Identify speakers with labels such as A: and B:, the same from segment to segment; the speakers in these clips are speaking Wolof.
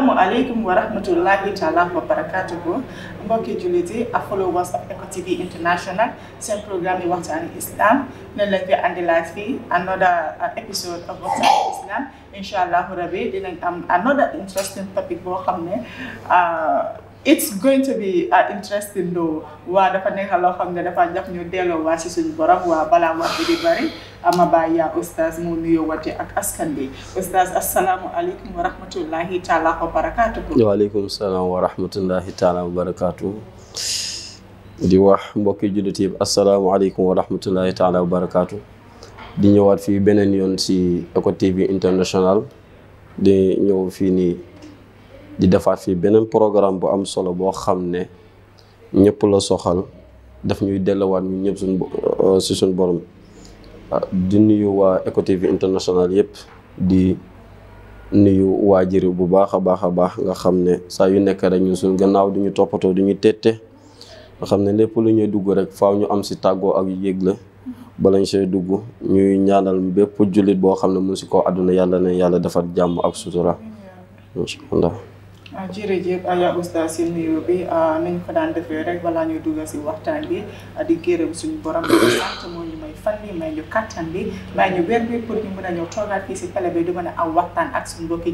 A: asalaamu aleykum wa rahmatullahi taala wa barakatuhu mbokki jullit yi ak followers of Eco International seen programme yi waxtaani islam noonu lañ koy andilaat fii another uh, episode of waxtaani islam incha allahu rabi am another interesting topic boo xam ne uh, it's going to be uh, interesting though waa dafa nekk loo xam ne dafa jaf ñu delloo waa si suñu borom waa balaa wax di bëri ama baay yaa oustaz mu nuyoo wate ak askan bi oustaz asalaamualeykum wa rahmatullahi taala
B: wa di wax mbokki jullit yi asalaamualeykum wa rahmatullahi taala wa di ñëwaat fii beneen yoon si Eco TV International di ñëw fii nii di defaat fii beneen programme bu am solo boo xam ne ñëpp la soxal daf ñuy delluwaat ñu ñëpp suñ euh, si suñ borom di nuyu waa Eco TV international yëpp di nuyu waa jëri bu baax a baax a baax nga xam ne saa yu nekk rek ñu suñ gannaaw du ñu toppatoo du ñu tette nga xam ne lépp lu ñuy dugg rek faw ñu am si tàggoo ak yëg la balañ see dugg ñuy ñaanal bépp jullit boo xam ne mu si ko àdduna yàlla ne yàlla defar jàmm ak sutura.
A: Ah, jërëjëf Aya ah, Oustaz si nuyoo bi ah, nañ ko daan defee rek balaa ñuy dugg si waxtaan bi di gërëm suñu borom di sant moo ñu may fan bi may ñu kattan bi may ñu weer bi pour ñu mën a fii si pale bi du mën a am waxtaan ak suñu mbokki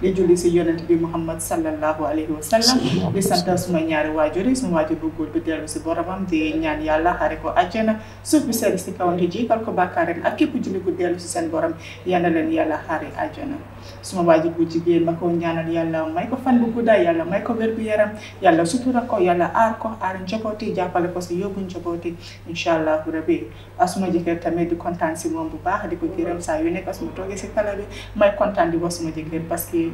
A: di julli si yonent bi Muhammad sallallahu alayhi wa sallam di sant suma ñaari waajur yi suma waajur bu góor bi dellu si ñaan yàlla xare ko àjjana suuf bi seen si kaw di jiital ko bàkkaaram ak képp julli ku dellu seen borom yal na leen yàlla xare àjjana suma waajur bu jigéen ma ko ñaanal yàlla may may ko fan bu gudda yàlla may ko wér bu yaram yàlla sutura ko yàlla aar ko aar njabooti jàppale ko si yóbbu njabooti incha allah rabi asuma jëkkër tamit di kontaan si moom bu baax di ko gërëm saa yu nekk asuma toogee si kala bi may kontaan di wax suma jëkkër parce que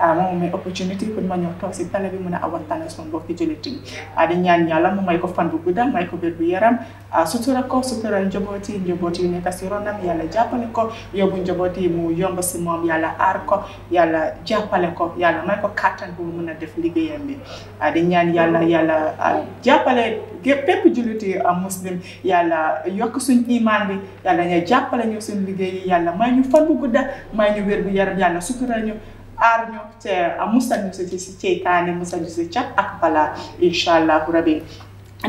A: ah moom may opportunité pour ma ñëw toog si tale bi mën a awantaane sama mbokki jullit yi ah di ñaan yàlla mu may ko fan bu gudda may ko bér bu yaram ah sutura ko sutural njaboot yi njaboot yu nekk si ronam yàlla jàppale ko yóbbu si moom yàlla aar ko yàlla jàppale ko yàlla may ko kàttan bu mu mën a def liggéeyam bi ah di ñaan yàlla yàlla jàppale pépp jullit yi muslim yàlla yokk suñ imaan bi yàlla ña jàppale ñu suñ liggéey yi yàlla may ñu fan bu gudda may ñu wér bu yaram yàlla sutural ñu aar ñu te musal ñu si si ceytaane musal ñu si ak balaa incha allahu rabi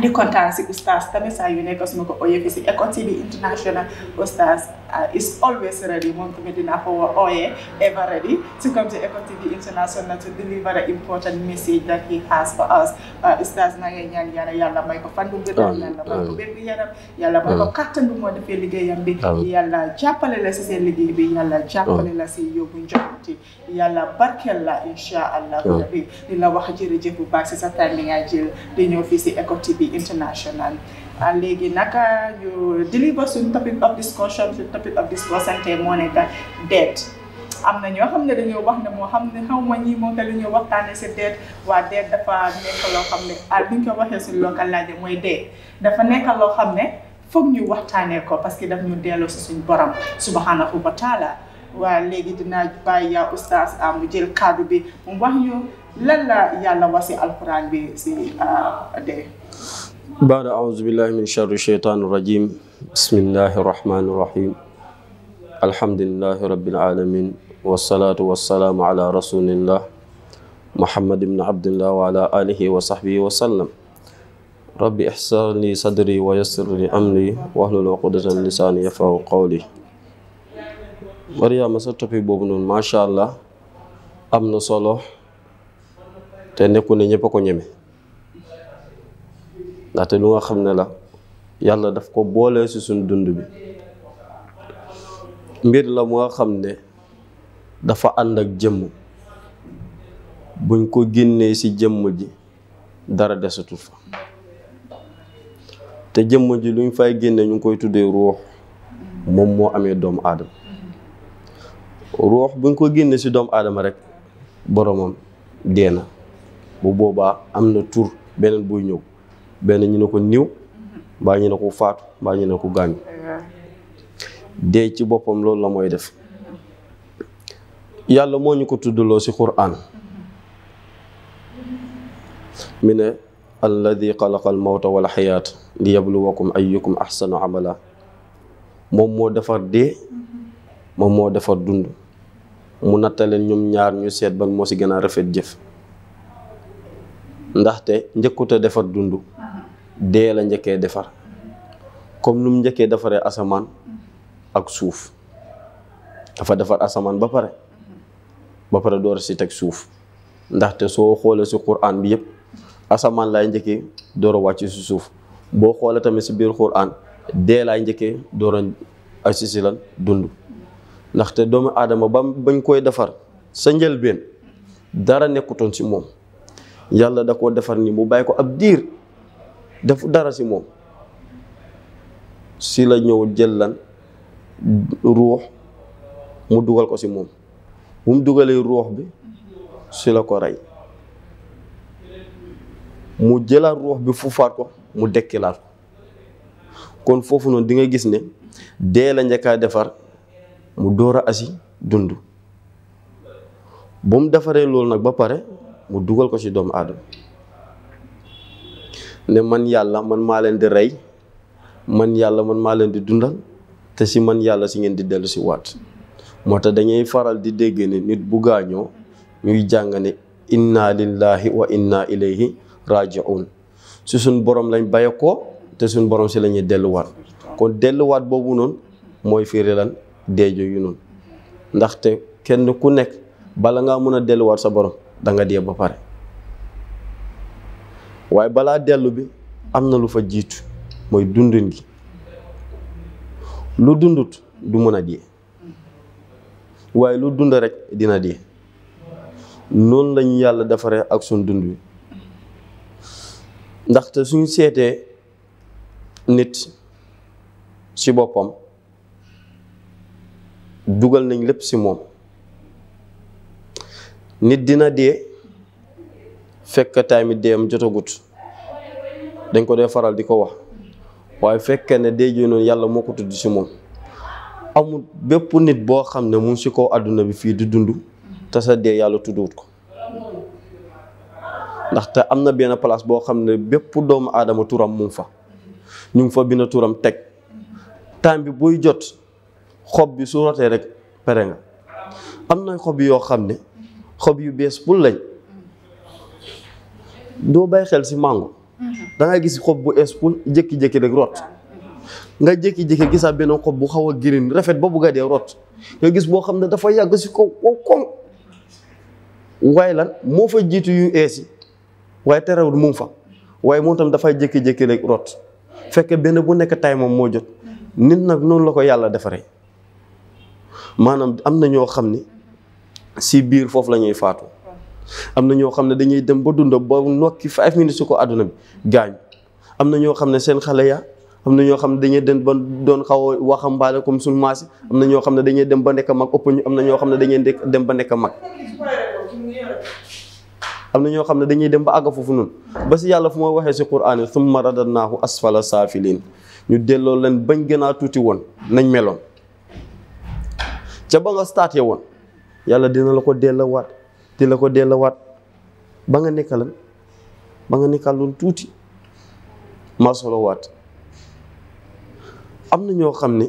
A: di kontaan si oustaz tamit saa yu nekk su ma ko oyee fi si Eco TV international oustaz uh, is always ready moom tamit dina ko ooyee ever ready to come to Eco TV International to deliver an important message that he has for us uh, Ustaz na ñaan yàlla yàlla may ko fan bu gën yàlla may ko wér gu yaram moo defee liggéeyam bi yàlla jàppale la si seen liggéey bi yàlla jàppale la si yóbbu njabooti yàlla barkeel la incha allah rabbi di la wax jërëjëf bu baax si sa time bi nga jël di ñëw fii si Eco TV International léegi nag ñu deliver suñ topic of discussion suñ topic of discussion te moo nekk deet am na ñoo xam ne dañoo wax ne moo xam ne xaw ma ñii moom te lu ñu waa dafa loo xam ne ah bi ñu ko waxee suñ mooy dee dafa nekk loo xam ne foog ñu waxtaanee ko parce que daf ñu delloo si suñ borom subhanahu wa taala waa léegi dinaa bàyyi yaa oustaz ah, mu jël kàddu bi mu wax ñu lan la yàlla wax si alquran bi si ah, dee
B: بعد أعوذ بالله من شر الشيطان الرجيم بسم الله الرحمن الرحيم الحمد لله رب العالمين والصلاة والسلام على رسول الله محمد بن عبد الله وعلى آله وصحبه وسلم رب احسر لي صدري ويسر لي أمري واحلل عقدة من لساني يفقهوا قولي Mariama sa topic boobu noonu macha allah am na solo te nekku ne ñëpp a ko ñeme ndaxte lu nga xam ne la yàlla daf ko boolee si suñ dund bi mbir la mu nga xam ne dafa ànd ak jëmm buñ ko génnee si jëmm ji dara desatul fa te jëmm ji luñ fay génne ñu ngi koy tuddee ruux moom moo amee doomu aadama ruux buñ ko génne si doomu aadama rek boromam dee na bu boobaa am na tur beneen buy ñëw benn ñu ne ko niw mbaa ñu ne ko faatu mbaa ñu ne ko gaañu dee ci boppam loolu la mooy def yàlla moo ñu ko tuddaloo ci quraan mu ne alladi xalaqa al mawta wal xayaat li yabluwakum ayyukum ahsanu amala moom moo defar dee moom moo defar dund mu nattaleen ñoom ñaar ñu seet ban moo ci gënaa rafet jëf ndaxte njëkkut a defar dund dee la njëkkee defar comme nu mu njëkkee defaree asamaan ak suuf dafa defar asamaan ba pare ba pare door si teg suuf ndaxte soo xoolee si Qur'an bi yépp asamaan laay njëkkee door a wàcc si suuf boo xoolee tamit si biir Qur'an dee laay njëkkee door a si si lan dund ndaxte doomu aadama ba bañ koy defar sa njëlbeen dara nekkutoon si moom. yàlla da koo defar ni mu bàyyi ko ab diir def dara si moom si la ñëw jël lan ruux mu dugal ko si moom bu mu dugalee ruux bi si la ko rey mu jëlaat ruux bi fuufaat ko mu dekkilaat ko kon foofu noonu di nga gis ne dee la njëkkaa defar mu door a asi dund bu mu defaree loolu nag ba pare mu dugal ko ci doomu aadama ne man yàlla man maa leen di rey man yàlla man maa leen di dundal te si man yàlla si ngeen di dellu si waat moo tax dañuy faral di dégg ne nit bu gaañoo ñuy jàng ne inna lillahi wa inna ilayhi rajiun si suñ borom lañ baye ko te suñ borom si la ñuy delluwaat kon delluwaat boobu noonu mooy firi lan deejo yu noonu ndaxte kenn ku nekk bala ngaa mun a delluwaat sa borom danga nga dee ba pare waaye balaa dellu bi am na lu fa jiitu mooy dundin gi lu dundut du mën a dee waaye lu dund rekk dina dee noon lañ yàlla defaree ak suñ dund bi ndaxte suñu seetee nit ci boppam dugal nañ lépp ci moom nit dina dee fekk tamit deem jotagut dañ ko dee faral di ko wax waaye fekk ne dee jooy noonu yàlla moo ko tudd si moom amul bépp nit boo xam ne mu ngi si kaw àdduna bi fii di dund te sa dee yàlla tudduwut ko ndaxte am na benn place boo xam ne bépp doomu aadama turam mu fa ñu ngi fa bina turam teg temps bi buy jot xob bi su rotee rek pere nga am na xob yoo xam ne xob yu bees pul lañ doo bàyyi xel si mango mhm. da gis xob bu ees pul jékki-jékki rek rot nga jékki-jékki gisaa benn xob bu xaw a green rafet ba bugga dee rot nga gis boo xam ne dafa yàgg si kaw kaw kaw waaye lan moo fa jiitu yu ees yi waaye terewul mu fa waaye moo tam dafay jékki-jékki rek rot fekk benn bu nekk tay moom moo jot mhm. nit nag noonu la ko yàlla defaree maanaam am na ñoo xam ne si biir foofu la ñuy faatu am na ñoo xam ne dañuy dem ba dund ba nokki five minutes su ko àdduna bi gaañ am na ñoo xam ne seen xale ya am na ñoo xam ne dañuy dem ba doon xaw a waxambaale comme suñu am na ñoo xam ne dañuy dem ba nekk mag ëpp ñu am na ñoo xam ne dañuy dem ba nekk mag am na ñoo xam ne dañuy dem ba àgg foofu noonu ba si yàlla fu ma waxee si quraan summa radadnaahu asfala saafiliin ñu delloo leen bañ gënaa tuuti woon nañ meloon ca ba nga staatee woon yàlla dina la ko delloowaat di la ko delloowaat ba nga nekk lan ba nga nekkal loolu tuuti maa solowaat am na ñoo xam ne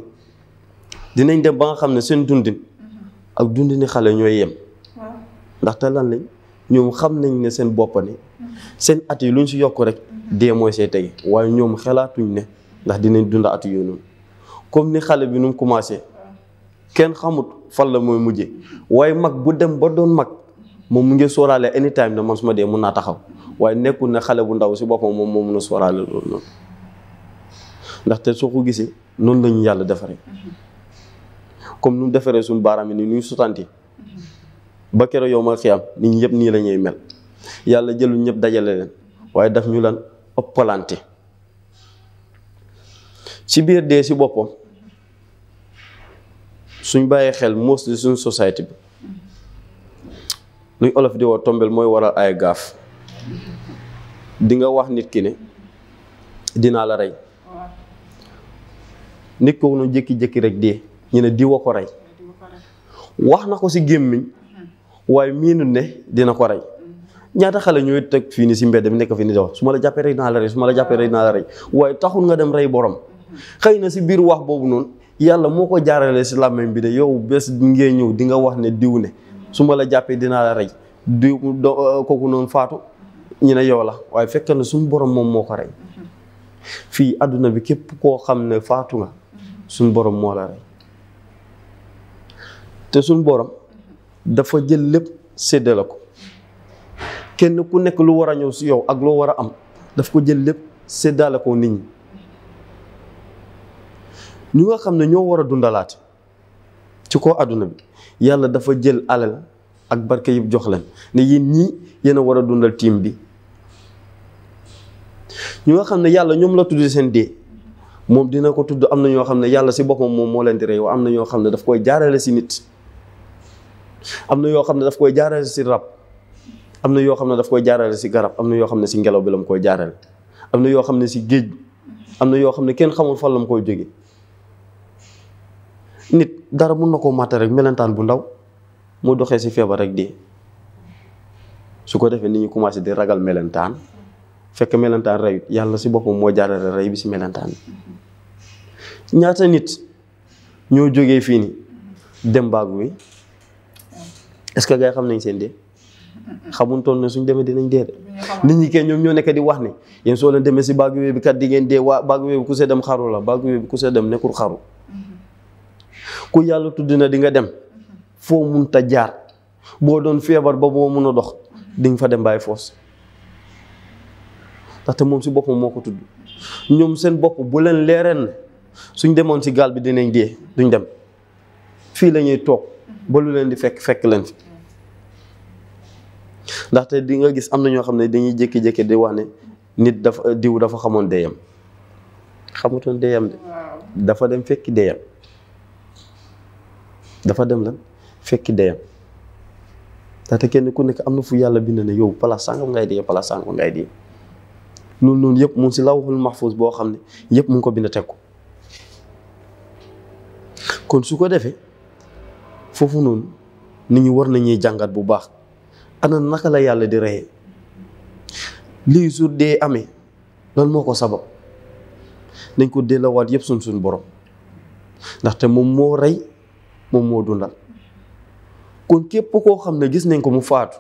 B: dinañ dem ba nga xam ne seen dundin ak dundini xale ñooy yem ndax te lan lañ ñoom xam nañ ne seen boppa ni seen at yi luñ si yokk rek dee mooy see tege waaye ñoom xelaatuñ ne ndax dinañ dund at yooyu comme ni xale bi nu mu commencé kenn xamut fan la mooy mujje waaye mag bu dem ba doon mag moom mu ngi sóoraale anytime ne man su dee mun naa taxaw waaye nekkul ne xale bu ndaw si boppam moom moo mun a sóoraale loolu noonu ndaxte soo ko gisee noonu la yàlla defaree comme nu defaree suñu baaraam yi ni ñuy sutante ba keroog yow ma xiyam nit ñi yëpp nii lañuy ñuy mel yàlla jëlu ñëpp dajale leen waaye daf ñu lan ëppalante ci biir dee si boppam. suñ bàyyee xel moos di suñ société bi luñ olof di woo tombel mooy waral ay gaaf di nga wax nit ki ne dinaa la rey nit kooku noonu jékki-jékki rek dee ñu ne diwa ko rey wax na ko si gémmiñ waaye miinu ne dina ko rey ñaata xale ñooy teg fii nii si mbedd mi nekk fii nii daw su ma la jàppee rek dinaa la rey su ma rek waaye taxul nga dem rey borom xëy na si biir wax boobu noonu yàlla moo ko jaarale si làmmiñ bi de yow bees bi ngee ñëw di nga wax ne diw ne su ma la jàppee dinaa la rey diw euh, kooku noonu faatu ñu ne yow la waaye fekk na suñ borom moom moo ko rey fii àdduna bi képp koo xam ne faatu nga suñu borom moo la rey te suñ borom dafa jël lépp seddale ko kenn ku nekk lu war a ñëw si yow ak loo war a am daf ko jël lépp seddale ko nit ñi. ñu nga xam ne ñoo war a dundalaat ci kaw àdduna bi yàlla dafa jël alal ak barke yëpp jox leen ne yéen ñii yéen war a dundal tiim bi ñu nga xam ne yàlla ñoom la tudd seen dee moom dina ko tudd am na ñoo xam ne yàlla si boppam moom moo leen am na ñoo xam ne daf koy jaarale si nit am na yoo xam ne daf koy jaarale si rab am na yoo xam ne daf koy jaarale si garab am na yoo xam ne si ngelaw bi la mu koy jaarale am na yoo xam ne si géej am na yoo xam ne kenn xamul fan la mu koy jóge dara mun na koo màtte rek melentaan bu ndaw mu doxee si feebar rek dee su ko defee nit ñi commencé di ragal melentaan fekk melentaan reyut yàlla si boppam moo jaarale rey bi si melentaan ñaata nit ñoo jógee fii ni dem baagu bi est-ce que gars yi xam nañ seen de dee xamuntoon ne suñ demee dinañ dee de nit ñi kay ñoom ñoo nekk di wax ne yéen soo leen demee si baagu bi kat di ngeen dee waa we bi ku see xaru la baagu bi ku see dem nekkul xaru ku yàlla tudd na di nga dem foo mun ta jaar boo doon feebar ba boo mun a dox di nga fa dem bàyyi foos ndaxte moom si boppam moo ko tudd ñoom seen bopp bu leen leereen suñ demoon si gaal bi dinañ dee duñ dem fii lañuy toog ba lu leen di fekk fekk leen fi ndaxte di nga gis am na ñoo xam ne dañuy jékki-jékki di wax nit dafa diw dafa xamoon deyam xamutoon deyam de dafa dem fekki deyam dafa dem lan fekki deyam ndaxte kenn ku nekk am na fu yàlla bind na yow place sàngam ngay dee place sàngam ngay dee loolu noonu yëpp mu ngi si lawhul mahfuz boo xam ne yëpp mu ko bind teg ko kon su ko defee foofu noonu nit ñi war nañuy jàngat bu baax ana naka la yàlla di reyee lii su dee amee loolu moo ko sabab nañ ko delloowaat yëpp suñ suñ borom ndaxte moom moo rey moom moo dundal kon képp koo xam ne gis nañ ko mu faatu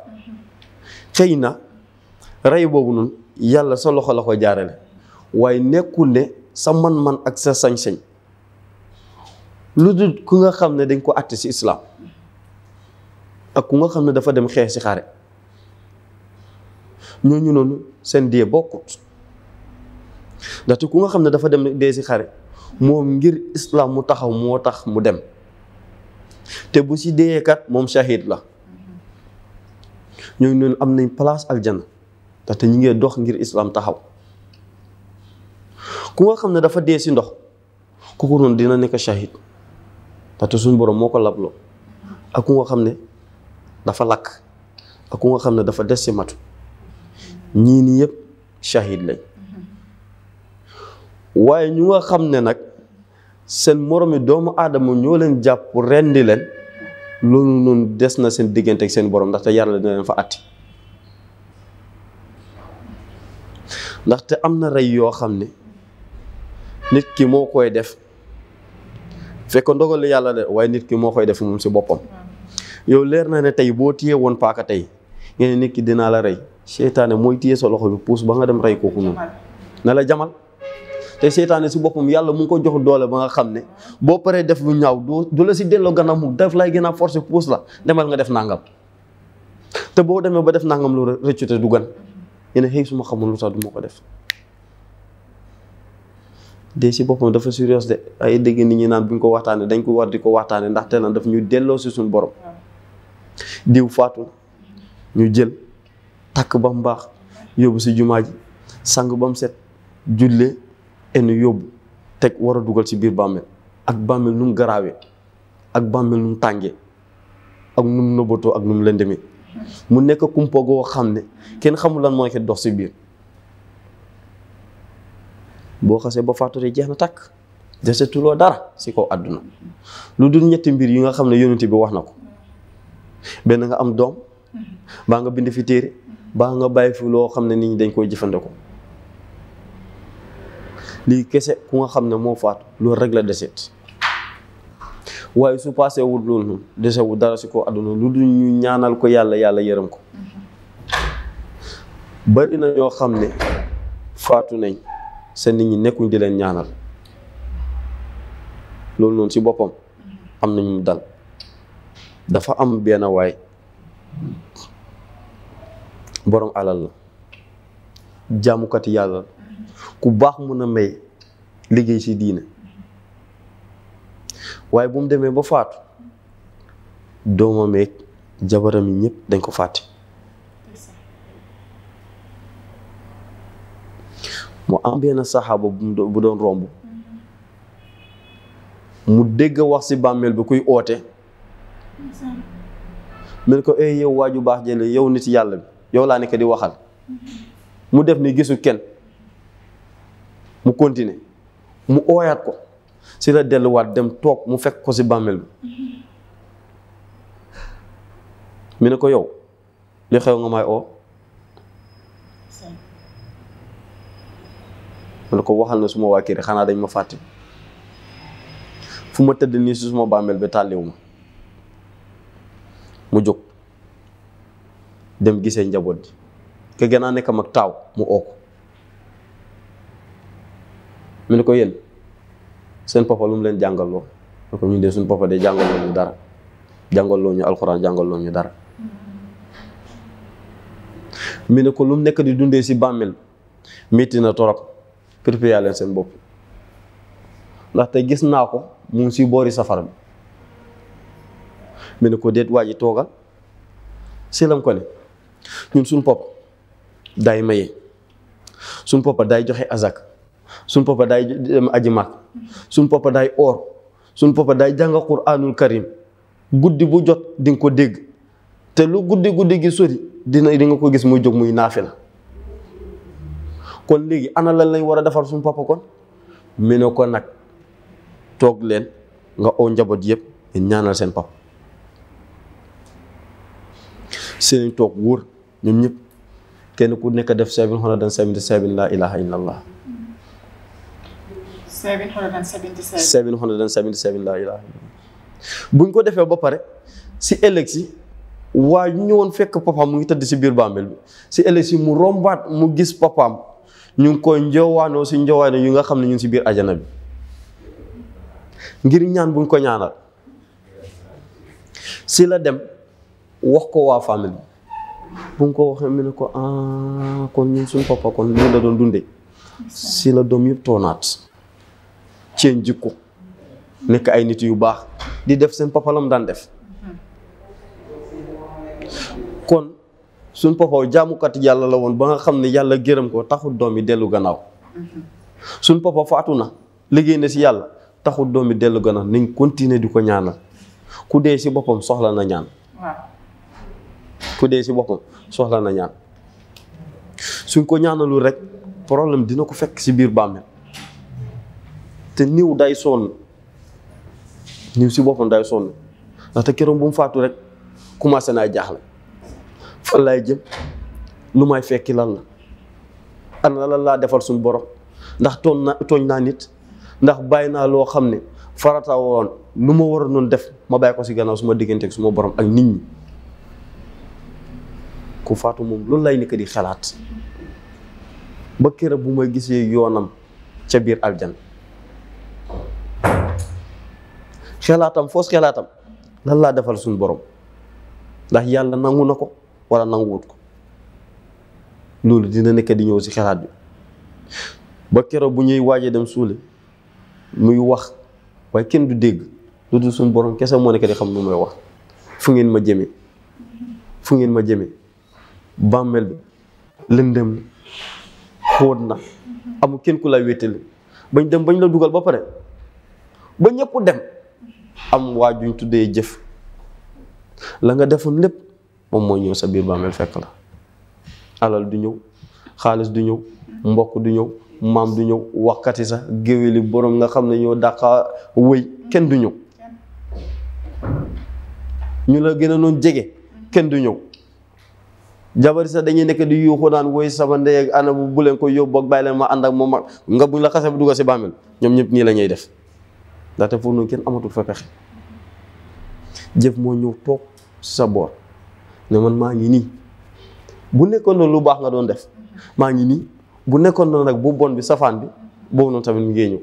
B: xëy na rey boobu noonu yàlla sa loxo la ko jaarale waaye nekkul ne sa man-man ak sa sañ-sañ lu dul ku nga xam ne dañ ko àtte ci ak ku nga xam ne dafa dem xeex ci xare ñooñu noonu seen dee bokkut ndaxte ku nga xam ne dafa dem dee ci xare moom ngir islaam mu taxaw moo tax mu dem te bu si dee kat moom shahid la ñoo noonu am nañ place aljana ndaxte ñu ngee dox ngir islam taxaw ku nga xam ne dafa dee si ndox kooku noonu dina nekk shahid ndaxte suñ borom moo ko labloo ak ku nga xam ne dafa lakk ak ku nga xam ne dafa des si matu ñii nii yëpp shahid lañ waaye ñu nga xam ne nag seen moromi doomu aadama ñoo leen jàpp rendi leen loolu noonu des na seen diggante ak seen borom ndax te yàlla dina leen fa atti ndaxte am na rey yoo xam ne nit ki moo koy def fekk ndogal yàlla de waaye nit ki moo koy def moom si boppam yow leer na ne tey boo tiyee woon paaka tey ngeen nit ki dinaa la rey seytaane mooy téye sa loxo bi puus ba nga dem rey kooku noonu na la jamal te seytaane si boppam yàlla mu ngi ko jox doole ba nga xam ne boo paree def lu ñaaw du du la si delloo gannaaw mu def lay gën a forcé puus la demal nga def nangam te boo demee ba def nangam lu rëccute du gan yéen xëy su ma xamul lu tax du ma ko def. de si boppam dafa sérieux de ay dégg nit ñi naan bu ñu ko waxtaanee dañ ko war di ko waxtaanee ndaxte lan daf ñu delloo si suñu borom diw faatu ñu jël takk ba mu baax yóbbu si jumaa ji sang ba mu set jullee enn yóbbu teg war a dugal ci biir bàmmeel ak bàmmeel nu mu garaawee ak bàmmeel nu mu tàngee ak nu mu nëbbatoo ak nu mu lëndëmee mu nekk kumpa goo xam ne kenn xamul lan moo nekk dox ci biir boo xasee ba faatu jeex na takk desetuloo dara ci kaw àdduna lu dul ñetti mbir yi nga xam ne yonent bi wax na ko benn nga am doom baa nga bind fi téere baa nga bàyyi fi loo xam ne nit dañ koy jëfandikoo lii kese ku nga xam ne moo faatu loolu rek la deseet waaye su paasee loolu noonu desewul dara si ko àdduna lu dul ñu ñaanal ko yàlla yàlla yërëm ko bari na ñoo xam ne faatu nañ seen nit ñi nekkuñ di leen ñaanal loolu noonu si boppam am nañu dal dafa am benn waay boroom alal la jaamukati yàlla ku baax mun a may liggéey ci diine waaye bu mu demee ba faatu doomam ak jabaram yi ñépp dañ ko fàtte mu am benn saxaaba bu doon romb mu dégg wax ci bàmmeel bi kuy oote mel ko eey eh, yow waaju baax jële yow nit yàlla bi yow laa nekk di waxal mu def ni gisul kenn mu continuer mu ooyaat ko si la delluwaat dem toog mu fekk ko si bàmmeel bi mi ne ko yow li xew nga may oo mu ne ko waxal na suma waa kër xanaa dañ ma fàtte fu ma tëdd nii si suma bàmmeel bi tàlliwu ma mu jóg dem gisee njaboot ji ke gën a mag taaw mu oo ko mu ne ko yéen seen papa lu mu leen jàngaloo ne ko ñun de suñu papa de jàngaloo ñu dara jàngaloo ñu alxuraan jàngaloo ñu dara mu ne ko lu mu nekk di dundee si bàmmeel metti na torop prépare leen seen bopp ndaxte gis naa ko mu ngi si boori safara bi mu ne ko déet waa ji toogal silam ko ne ñun suñ papa daay maye suñ papa daay joxe azak suñ papa daay aji mag suñ papa daay oor suñ papa daay jàng quraanul karim guddi bu jot dinga ko dégg te lu guddi guddi gi sori dina di nga ko gis muy jóg muy naafi la kon léegi ana lañ lañ war a defar suñ papa kon mu ne ko nag toog leen nga oo njaboot yëpp ñaanal seen papa seeni toog wóor ñoom ñëpp kenn ku nekk def seven hundred and seventy seven laa ilaaha illallah
A: 777
B: 777 laa ilaaha buñ ko defee ba pare si ëllëg si waa ñu ñëwoon fekk papaam mu ngi tëdd si biir bàmmeel bi si ëllëg si mu rombaat mu gis papaam ñu ngi koy njoowaanoo si njoowaano yu nga xam ne ñu si biir ajana bi ngir ñaan buñ ko ñaanal si la dem wax ko waa famille bu nga ko waxee mu ne ko ah kon ñun suñ papa kon lii la doon dundee si la doom yëpp toonaat seen jikko nekk ay nit yu baax di def seen papa lam daan def kon suñ papa jàmmukat yàlla la woon ba nga xam ne yàlla gërëm ko taxul doom yi dellu gannaaw suñ papa faatu na liggéey na si yàlla taxul doom yi dellu gannaaw nañ continuer di ko ñaanal ku dee si boppam soxla na ñaan ku dee si boppam soxla na ñaan suñ ko ñaanalul rek problème dina ko fekk si biir bàmmeel te niw day sonn niw si boppam day sonn ndaxte keroog bu mu faatu rek commencé naa jaaxle fan laay jëm nu may fekki lan la na lan laa defal suñu borom ndax tooñ na tooñ naa nit ndax bàyyi naa loo xam ne farata woon lu ma war a noonu def ma bàyyi ko si gannaaw suma ma suma borom ak nit ñi ku faatu moom loolu lay nekk di xalaat ba keroog bu may gisee yoonam ca biir aljan xelaatam foos xelaatam lan laa defal suñu borom ndax yàlla nangu na ko wala nanguwut ko loolu dina nekk di ñëw si xelaat bi ba keroog bu ñuy waajee dem suule muy wax waaye kenn du dégg lu dul suñu borom kese moo nekk di xam nu may wax fu ngeen ma jëmee fu ngeen ma jëmee bàmmeel bi lëndëm na xóot na amul kenn ku lay wéttali bañ dem bañ la dugal ba pare ba ñëpp dem am waa juñ tuddee jëf la nga defoon lépp moom mooy ñëw sa biir bàmmeel fekk la alal du ñëw xaalis du ñëw mbokk du ñëw maam du ñëw waxkati sax géwéli boroom nga xam ne ñoo dàqa wëy kenn du ñëw ñu la gën a noon jege kenn du ñëw jabar sax dañuy nekk di yuuxu naan woy sama ndey ak ana bu leen ko yóbbu ak bàyyi ma ànd ak moom nga bu buñ la xasee bu dugg si bàmmeel ñoom ñëpp nii lañuy def ndaxte foofu noonu kenn amatul fa pexe jëf moo ñëw toog si sa boor ne man maa ngi nii bu nekkoon na lu baax nga doon def maa ngi nii bu nekkoon na nag bu bon bi safaan bi boobu noonu tamit mu ngi ñëw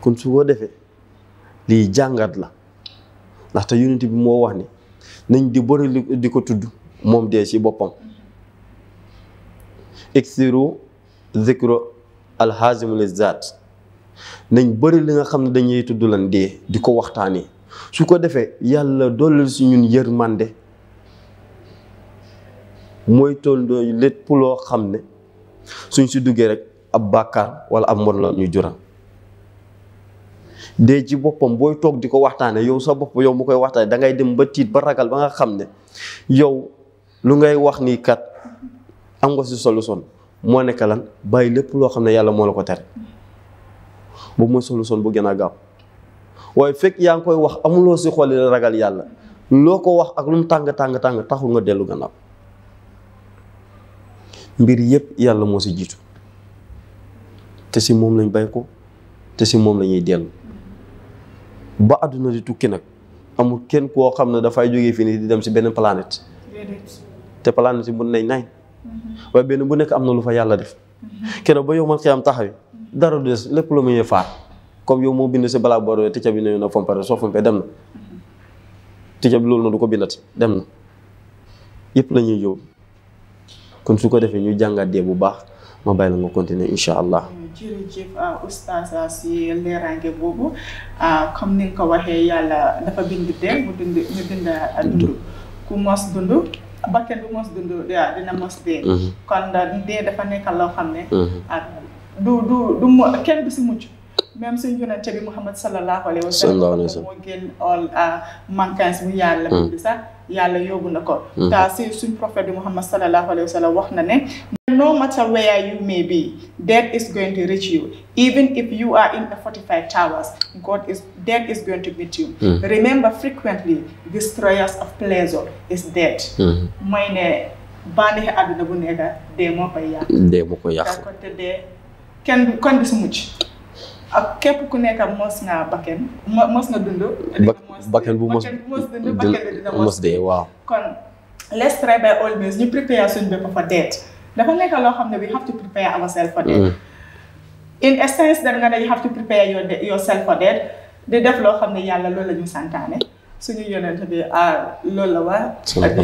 B: kon su ko defee lii jàngat la ndaxte yonent bi moo wax ni nañ di bëri di ko tudd moom dee ci boppam iksiru zikro alxaasimu li zaat nañ bëri li nga xam ne dañuy tudd lan dee di ko waxtaanee su ko defee yàlla dollal si ñun yërmande mooy tolloo lépp loo xam ne suñ si duggee rek ab bàkkaar wala ab mbon la ñu jural dee ci boppam booy toog di ko waxtaanee yow sa bopp yow mu koy waxtaanee da ngay dem ba tiit ba ragal ba nga xam ne yow lu ngay wax nii kat am nga si solution moo nekk lan bàyyi lépp loo xam ne yàlla moo la ko tere boobu mooy solution bu gën a gaaw waaye fekk yaa ngi koy wax amuloo si xol la ragal yàlla loo ko wax ak lu mu tàng tàng tàng taxul nga dellu gannaaw mbir yépp yàlla moo si jiitu te si moom lañ bay ko te si moom lañuy dellu ba àdduna di tukki nag amul kenn koo xam ne dafay jóge fii nii di dem si benn planète te planète yi mun nañ nañ waaye benn bu nekk am na lu fa yàlla def keroog ba yow man xiyam taxawi dara du des lépp lu muy faar comme yow moo bind si balaa boor ticca bi ne na fompare soo fompee dem na ticca bi loolu na du ko bindati dem na yëpp lañuy ñuy kon su ko defee ñu jàngat dee bu baax ma bàyyi la nga continuer incha allah.
A: jërëjëf ah, oustaz ah, si leeraange boobu ah, ko waxee yàlla ku mos dund. bakken bu mos dund waaw dina mos dee mhm. kon dee dafa nekk loo xam ne mhm. ak du du du mu kenn du si mucc même suñu yonente bi Muhammad sallallahu alayhi wa sallam moo gën all ah, manquance bu yàlla mhm. bi sax yàlla yóbbu na ko. daa mm. si suñ prophète bi Muhammad sallallahu alayhi wa sallam wax na ne. no matter where you may be death is going to reach you even if you are in the 45 towers God is death is going to meet you. Mm. remember frequently destroyers of pleasure is death. Mm. mooy ne bànneexi àdduna bu nekk dee moo koy yàq. dee moo koy yàq. daa ko tëddee kenn bi su mucc. ak képp ku nekk mos naa bakken mos na dund.
B: bakken bu mos dund bakken bu mos dee waaw.
A: kon let's try by all means ñu prepare suñu bopp for death dafa nekk loo xam ne bi have to prepare ourselves for death. Mm. in essence da nga ne you have to prepare your yourself di def loo xam ne yàlla lool la ñu santaane suñu yonent bi ah loolu la wax. ak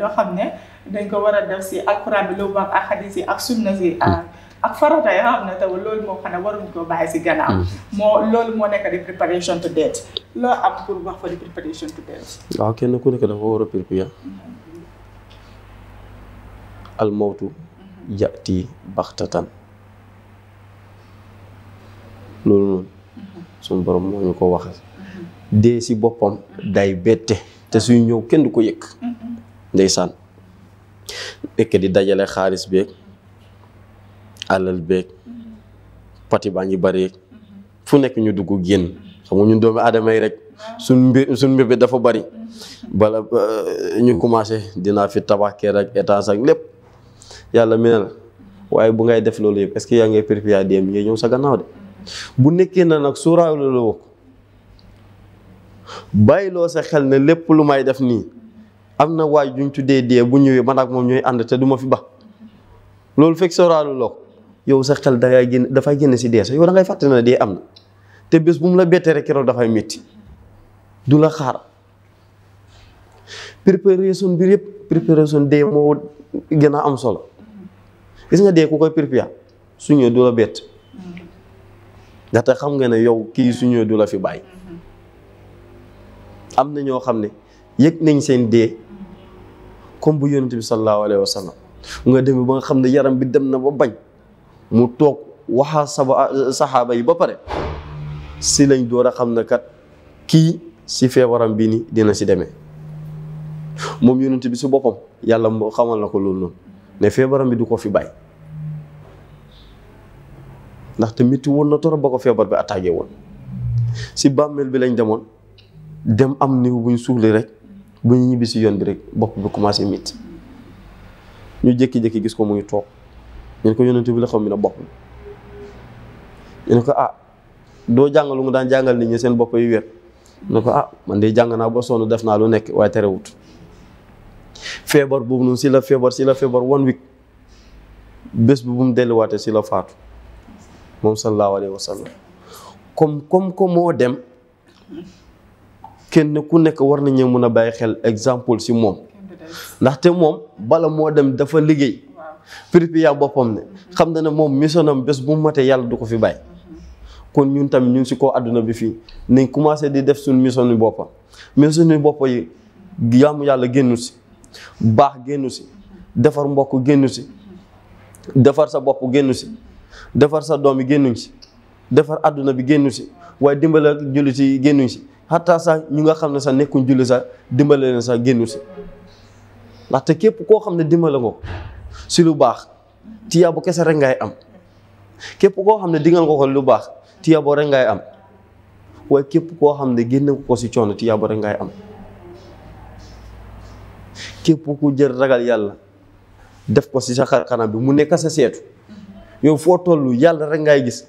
A: loo xam ne dañ ko war a def si alquran bi lu baax ak xadis yi ak sunna si ah. Mm. ak farata yi nga xam ne loolu moo xam ne waruñ koo bàyyi si gannaaw. Mm. moo loolu moo nekk di préparation to death fa di préparation
B: kenn ku nekk dafa war a préparé mm-hmm. al mawtu mm-hmm. yati baxtatan loolu noonu mm-hmm. suñu borom moo ñu ko waxal dee si boppam day bette te suy ñëw kenn du ko yëg ndeysaan nekk di dajale xaalis beeg alal beeg pati baa ngi bari fu nekk ñu dugg génn xam ñun doomi aadama yi rek suñ mbir suñ bi dafa bari bala eh, ñu commencé dinaa fi tabax kër ak étage ak lépp yàlla mi ne waaye bu ngay def loolu yëpp est-ce que yaa ngay préparé dem yi ñëw sa gannaaw de bu nekkee na nag suuraale la wokk bàyyiloo sa xel ne lépp lu may def nii am na waay juñ tuddee dee bu ñëwee ba nag moom ñooy ànd te duma fi ba loolu fekk suuraale loo ko yow sa xel dangay génn dafay génn si dee sax yow da ngay fàtte na dee am na te bés bu mu la bettee rek keroog dafay métti du la xaar préparation bi yëpp préparation dee moo gën a am solo gis nga dee ku koy préparé su ñëwee du la bett ndaxte xam nga ne yow kii su ñëwee du la fi bàyyi am na ñoo xam ne yëg nañ seen dee comme bu yonent bi sallallahu alayhi wa sallam nga demee ba nga xam ne yaram bi dem na ba bañ. mu toog waxa saba euh, saxaaba yi ba pare si lañ door a xam na kat kii si feebaram bi ni dina si demee moom yonent bi si boppam yàlla moo xamal na ko loolu noonu ne feebaram bi du ko fi bàyyi ndaxte métti woon na torop ba ko feebar bi attaqué woon si bàmmeel bi lañ demoon dem am néew buñ ñu suuli rek bu ñu ñibbi si yoon bi rek bopp bi commencé métti ñu jékki-jékki gis ko mu ngi toog ñu ne ko yonent bi la xaw mi na bopp ñu ne ko ah doo jàng lu mu daan jàngal nit ñi seen bopp yu wér ne ko ah man de jàng naa ba sonn def naa lu nekk waaye terewut feebar boobu noonu si la feebar si la feebar one week bés bi bu mu delluwaatee si la faatu moom sallallahu alayhi wa sallam comme comme comme moo dem kenn ku nekk war nañu mën a bàyyi xel exemple si moom ndaxte moom bala moo dem dafa liggéey prépare boppam ne xam na ne moom missionam bés bu mu matee yàlla du ko fi bàyyi kon ñun tamit ñun si ko àdduna bi fii nañ commencé di def suñu mission ni boppam mission ni bopp yi yaamu yàlla génnu si baax génnu si defar mbokk génnu si defar sa bopp génnu si defar sa doom yi génnu si defar àdduna bi génnu si waaye dimbale jullit si génnu si xataa sax ñu nga xam ne sa nekkuñ jullit sa dimbale leen sax génnu si ndaxte képp koo xam ne dimbale nga ko si lu baax tiyaabo kese rek ngay am képp koo xam ne dingal ko ko lu baax tiyaabo rek ngay am waaye képp koo xam ne génne ko si coono tiyaabo rek ngay am képp ku jël ragal yàlla def ko si sa xar bi mu nekk sa seetu yow foo toll yàlla rek ngay gis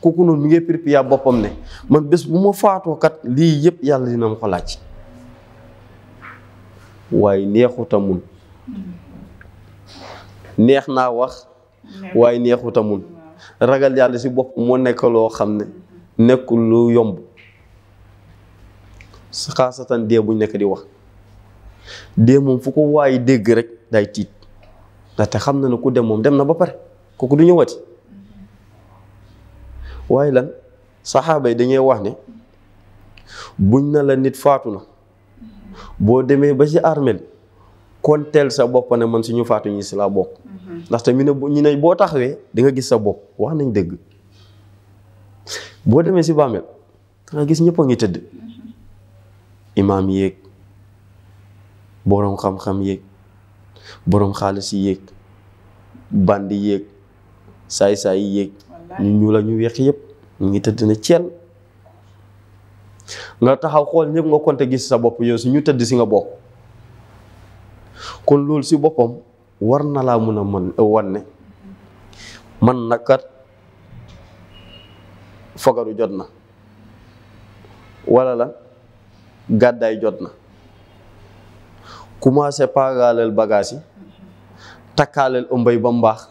B: kooku noonu mi ngi prépare boppam ne man bés bu ma faatoo kat lii yëpp yàlla dina ma ko laaj waaye neexuta mun neex naa wax waaye neexut a mun ragal yàlla si bopp moo nekk loo xam ne nekkul lu yomb xaasatan dee buñ nekk di wax dee moom fu ko waaye dégg rekk day tiit ndaxte xam na ne ku dem moom dem na ba pare kooku du ñëwati waaye lan saxaaba yi dañuy wax ne buñ na la nit faatu na boo demee ba ci armeel konteel sa bopp ne man suñu faatu ñu si laa bokk ndaxte mi ne ñu ne boo taxawee di nga gis sa bopp wax nañ dëgg boo demee si bàmmeel danga gis ñëpp a ngi tëdd imaam yéeg boroom xam-xam yéeg boroom xaalis yéeg bandi yéeg saay-saay yéeg ñu ñuul ñu weex yépp ñu ngi tëdd na ceel nga taxaw xool ñëpp nga konte gis sa bopp yow si ñu tëdd si nga bokk kon loolu si boppam war na laa mën a mën wanne man eh, nag kat fogaru jot na wala la gàddaay jot na commencé paagaaleel bagage yi takkaaleel ëmbay ba mu baax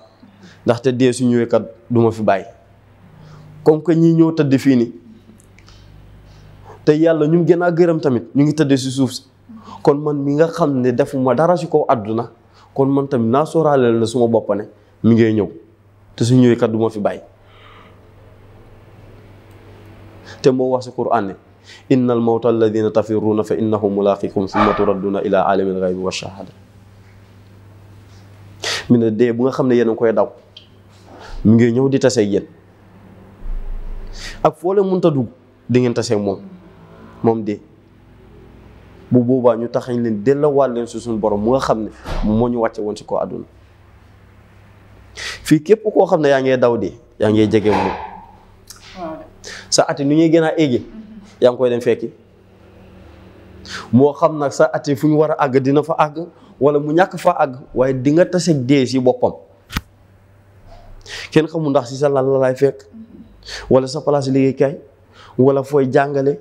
B: ndaxte dee su ñëwee kat fi bàyyi comme que ñi ñëw tëdd fii ni te yàlla ñu gën a gërëm tamit ñu ngi tëdd si suuf si kon man mi nga xam ne defuma dara si ko àdduna kon man tamit naa sóoraale la suma bopp ne mi ngay ñëw te su ñëwee kat du ma fi bàyyi te moo wax si Qur'an ne inna al mawta alladina na fa innahu mulaaqikum summa turadduuna ila alami al gaybi wa shahada mi ne dee bu nga xam ne yéen a koy daw mi ngay ñëw di taseeg yéen ak foo leen mënta dugg di ngeen taseeg moom moom dee bu boobaa ñu taxañ leen delluwaat leen si suñu borom mu nga xam ne moo ñu wàcce woon si ko àdduna fii képp koo xam ne yaa ngee daw di yaa ngee jege moom sa ati nu ñuy gën a éegi yaa ngi koy dem fekki moo xam nag sa ati fu ñu war a àgg dina fa àgg wala mu ñàkk fa àgg waaye di nga taseeg dee si boppam kenn xamu ndax si sa lal la lay fekk wala sa place liggéeykaay wala fooy jàngale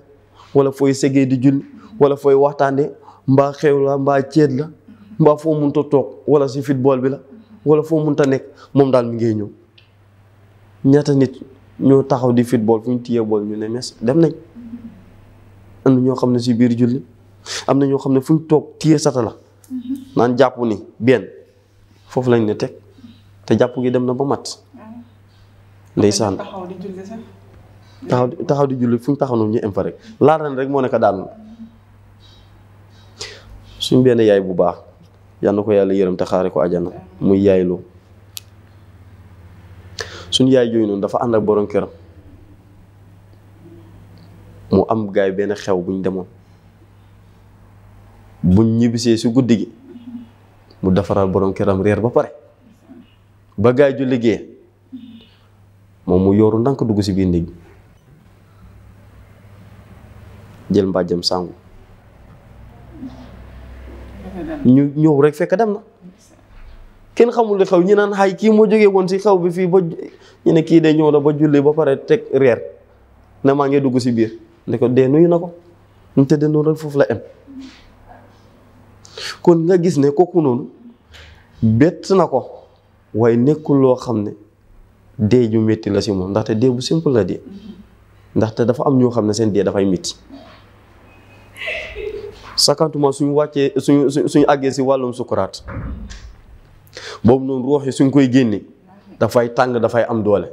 B: wala fooy segee di julli wala fooy waxtaane mbaa xew la mbaa ceet la mbaa foo munta toog wala si football bi la wala foo munta nekk moom daal mi ngay ñëw ñaata nit ñoo taxaw di football fu ñu téye bool ñu ne mes dem nañ am na ñoo xam ne si biir julli am na ñoo xam ne fu ñu toog téye sata la naan jàpp ni benn foofu lañ ne teg te jàpp gi dem na ba mat ndeysaan taxaw di julli fu ñu taxaw noonu ñu em fa rek laata rek moo nekk daal suñ benn yaay bu baax yal na ko yàlla yërëm te xaare ko ajana muy yaay loo suñ yaay jooju noonu dafa ànd ak borom këram mu am gaay benn xew buñ demoon buñ ñibbisee si guddi gi mu defaral boroom këram reer ba pare ba gaay ju liggéey moom mu yooru ndànk dugg si biir néeg jël mbàjjam sàngu ñu ñëw rek fekk dem na kenn xamul li xaw ñi naan xay kii moo jógee woon si xaw bi fii ba ñu ne kii de ñëw na ba julli ba pare teg reer ne maa ngi dugg si biir ne ko dee nuyu na ko ñu tëdd noonu rek foofu la em kon nga gis ne kooku noonu bett na ko waaye nekkul loo xam ne dee ju métti la si moom ndaxte dee bu simple la dee ndaxte dafa am ñoo xam ne seen dee dafay métti sakantuma suñ wàccee suñu suñ àggee si wàllum sukuraat boobu noonu ruux yi suñ koy génnee dafay tàng dafay am doole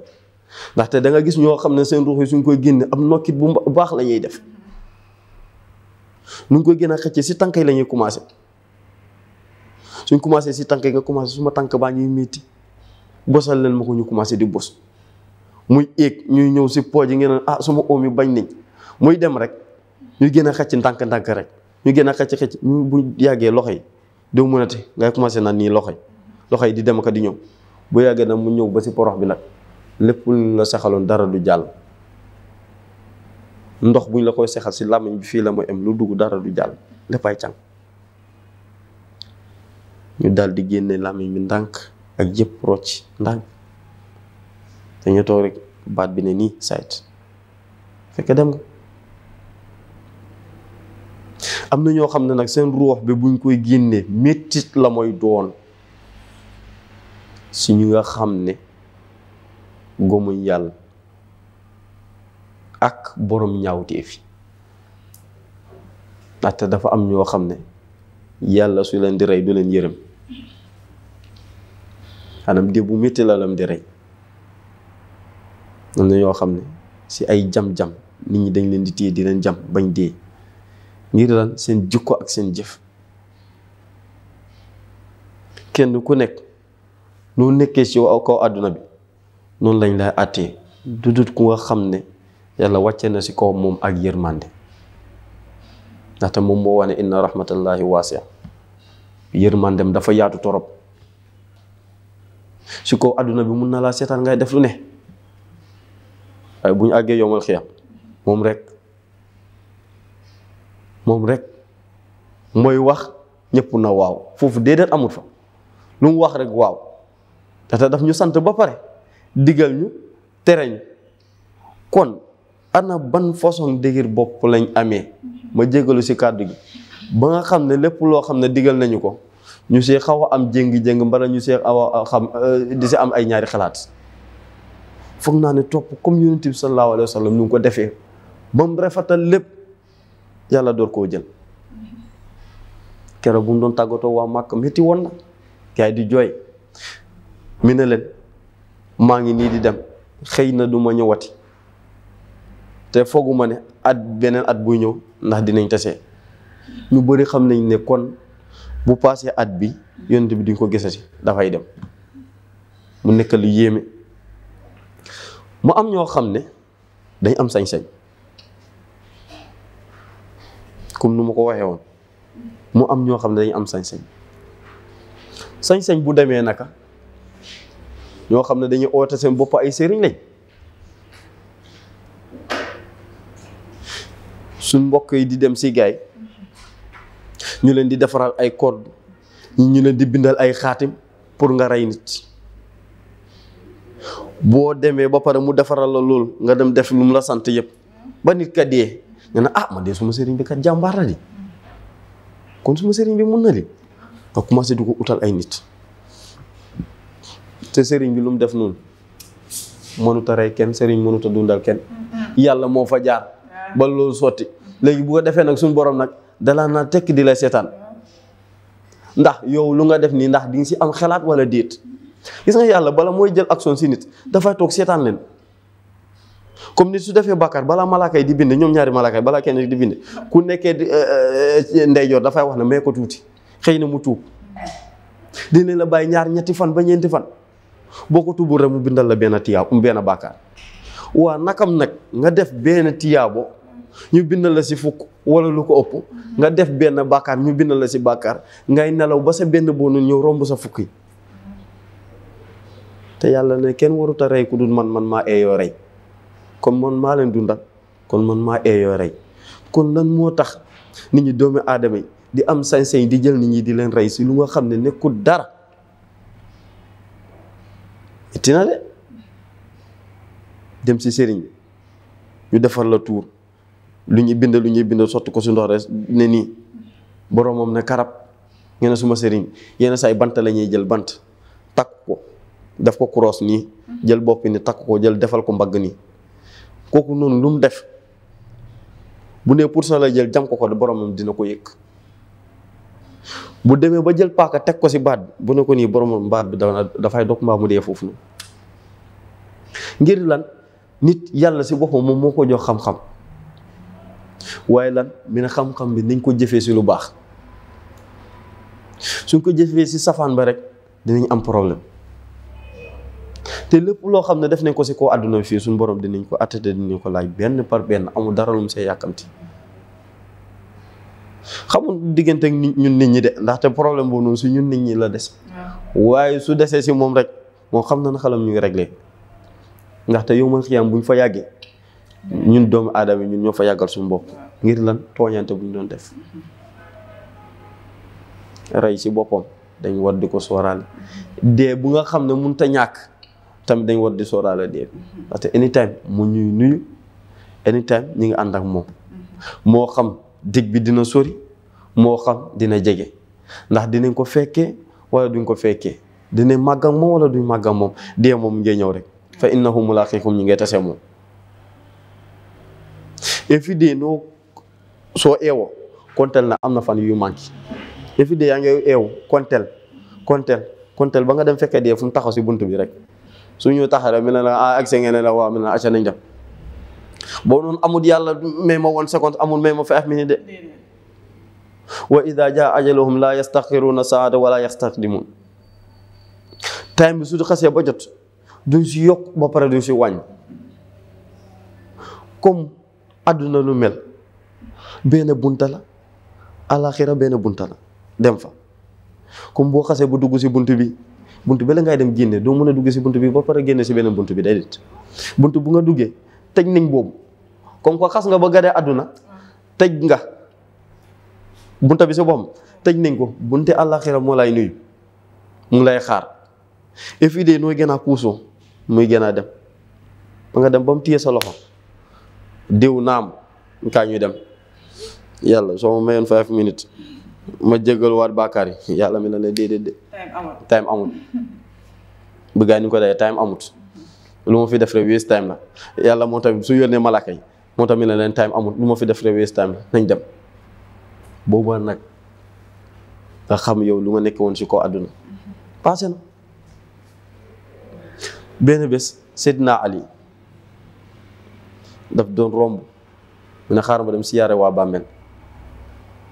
B: ndaxte da nga gis ñoo xam ne seen ruux yi suñ koy génne am nokkit bu baax la ñuy def nu ngi koy gën a xëcce si tànk yi la ñuy commencé suñ commencé si tànk yi nga commencé suma tànk baa ñuy métti bosal leen ma ko ñu commencé di bos muy éeg ñuy ñëw si pooj yi ngeen ah suma oom yi bañ nañ muy dem rek ñuy gën a xëcc ndànk-ndànk rek ñu gën a xëcc xëcc bu yàggee loxo yi doo mënate ngay commencé naan nii loxo yi loxo yi di dem ak di ñëw bu yàggee nag mu ñëw ba si porox bi nag lépp lu la saxaloon dara du jàll ndox buñ la koy sexal si làmmiñ bi fii la mooy am lu dugg dara du jàll léppay càng ñu daal di génne làmmiñ bi ndànk ak yëpp rocc ndànk dañu toog rek baat bi ne nii sayt fekk dem nga am na ñoo xam ne nag seen roox bi buñ koy génnee mettit la mooy doon si ñu nga xam ne gomuñ yàlla ak borom ñaawteef yi ndaxte dafa am ñoo xam ne yàlla su leen di rey du leen yërëm xanam de bu métti la lam di rey am na ñoo xam ne si ay jam-jam nit ñi dañ leen di téye di leen jam bañ dee ngir lan seen jukko ak seen jëf kenn ku nekk noo nekkee ci kaw àdduna bi noonu lañ lay àttee du dut ku nga xam ne yàlla wàcce na ci kaw moom ak yërmande ndaxte moom moo wax ne inna rahmatallahi waasia yërmandem dafa yaatu torop ci kaw àdduna bi mun na laa seetaan ngay def lu ne waaye bu ñu àggee yomal xiyam moom rekk moom rek mooy wax ñëpp na waaw foofu déedéet amut fa lu mu wax rek waaw te daf ñu sant ba pare digal ñu tere ñu kon ana ban façon dëgër bopp lañ amee ma jégalu si kàddu gi ba nga xam ne lépp loo xam ne digal nañu ko ñu see xaw a am jéng-jéng mbala ñu see aw xam euh, di si am ay ñaari xalaat foog naa ne topp comme yonent bi sallallahu alayhi wa sallam ñu ko defee ba mu rafetal lépp. yàlla door koo jël keroog bu mu doon tàggatoo waa màkk métti woon na gars di jooy mu ne leen maa ngi nii di dem xëy na du ma ñëwati te fooguma ne at beneen at buy ñëw ndax dinañ tase ñu bëri xam nañ ne kon bu paasee at bi yonent bi duñ ko gisati dafay dem mu nekk lu yéeme mu am ñoo xam ne dañ am sañ-sañ comme nu ma ko waxee woon mu am ñoo xam ne dañu am sañ-sañ sañ bu demee naka ñoo xam ne dañu oote seen bopp ay sëriñ lañ suñ mbokk yi di dem si gaay ñu leen di defaral ay code ñu leen di bindal ay xaatim pour nga rey nit boo demee ba pare mu defaral la loolu nga dem def lu mu la sant yëpp ba nit ka dee ne na ah man de suma sëriñ bi kat jàmbaar la di kon suma sëriñ bi mun na li nga commencé di ko utal ay nit te sëriñ bi lu def noonu mënut a rey kenn sëriñ mënut a dundal kenn yàlla moo fa jaar ba loolu sotti léegi bu ko defee nag suñu borom nag dalaa naa tekk di la seetaan ndax yow lu nga def nii ndax di nga si am xalaat wala déet gis nga yàlla bala mooy jël action si nit dafay toog seetaan leen comme ni su defee bàkkaar balaa malaaka yi di bind ñoom ñaari malaaka yi balaa kenn di bind ku nekkee di eh, eh, ndeyjoor dafay wax ne may ko tuuti xëy na mu tuub dina la bàyyi ñaar ñetti fan ba ñeenti fan boo ko tuubul rek mu bindal la benn tiyaabo benn bàkkaar waa nakam nag nga def benn tiyaabo ñu bindal la si fukk wala lu ko ëpp nga def benn bàkkaar ñu bindal la si bàkkaar ngay nelaw ba sa benn boonu ñëw romb sa fukki te yàlla ne kenn waruta rey ku du man man maa eeyoo rey comme man maa leen dundal kon man maa eeyoo rey kon lan moo tax nit ñi doomi aadama yi di am sañ-sañ di jël nit ñi di leen rey si lu nga xam ne nekkul dara itti na de dem si sëriñ ñu defar la tuur lu ñuy bind lu ñuy bind sotti ko si ndox rek ne nii boromam ne karab ngeen ne suma sëriñ yenn saa yi bant la ñuy jël bant takk ko def ko cross nii mm-hmm. jël bopp ni takk ko jël defal ko mbagg nii kooku noonu lu mu def bu nee pour la jël jam ko ko boromam dina ko yëg bu demee ba jël paaka teg ko si baat bu ne ko nii boromam baat bi dafay dog mbaa mu dee foofu noonu ngir lan nit yàlla si boppam moom moo ko jox xam-xam waaye lan mi ne xam-xam bi nañ ko jëfee si lu baax suñ ko jëfee si safaan ba rek dinañ am problème te lépp loo xam ne def nañ ko si koo àdduna bi fii suñu borom dinañ ko atte dinañ ko laaj benn par benn amul dara mu see yàkkamti xamul diggante ak ñun nit ñi de ndaxte problème boobu noonu si ñun nit ñi la des waaye su desee si moom rek moo xam na na xalam ñu ngi réglé ndaxte yow man xiyaam bu ñu fa yàggee ñun doomu aadama yi ñun ñoo fa yàggal suñu bopp ngir lan tooñante bu ñu doon def rey si boppam dañ war di ko sooraale dee bu nga xam ne mun ta ñàkk tamit dañ war di sóoraale dee parce que anytime mu ñuy nuyu anytime ñu ngi ànd ak moom moo xam dig bi dina sori moo xam dina jege ndax dinañ ko fekkee wala duñ ko fekkee dina màgg ak moom wala duñ màgg ak moom dee moom ngay ñëw rek fa innahu mulaaqiikum ñu ngay tase moom every day noo soo eewoo konteel na am na fan yu manqué every day yaa ngi eew kontel kontel konteel ba nga dem fekkee dee fu mu taxaw si bunt bi rek suñu taxare mi ne la ah accès ngeen ne la waaw mi ne la acca nañ dem boo noonu amul yàlla may ma one seconde amul may ma five minutes de wa ida jaa ajaluhum la yastaxiruuna saata wala yastaqdimuun time bi su xasee ba jot duñ si yokk ba pare si wàññ comme àdduna lu mel benn bunta la alaxira benn bunta la dem fa comme boo xasee bu dugg si bunt bi buntu bala ngay dem génne doo mën a dugg si buntu bi ba pare génne si beneen buntu bi déedéet buntu bu nga duggee tëj nañ boobu comme ko xas nga ba garee àdduna tëj nga bunta bi si boppam tëj nañ ko bunte àllaaxira moo lay nuyu mu lay xaar et puis nooy gën a puusoo muy gën a dem ba nga dem ba mu téye sa loxo diw naam kaa ñuy dem yàlla soo ma mayoon five minutes ma jégal waat bàkkaar yi yàlla mi na ne déedéet de time amul bu ni ko dee time amut lu ma fi def rek waste time la yàlla moo tamit su yónnee malaaka yi moo tamit ne leen time amut lu ma fi def rek waste time la nañ dem booba nag nga xam yow lu ma nekk woon si ko àdduna passé na benn bés Seydina Ali daf doon romb mu ne xaaral ma dem siyaare waa bàmmeel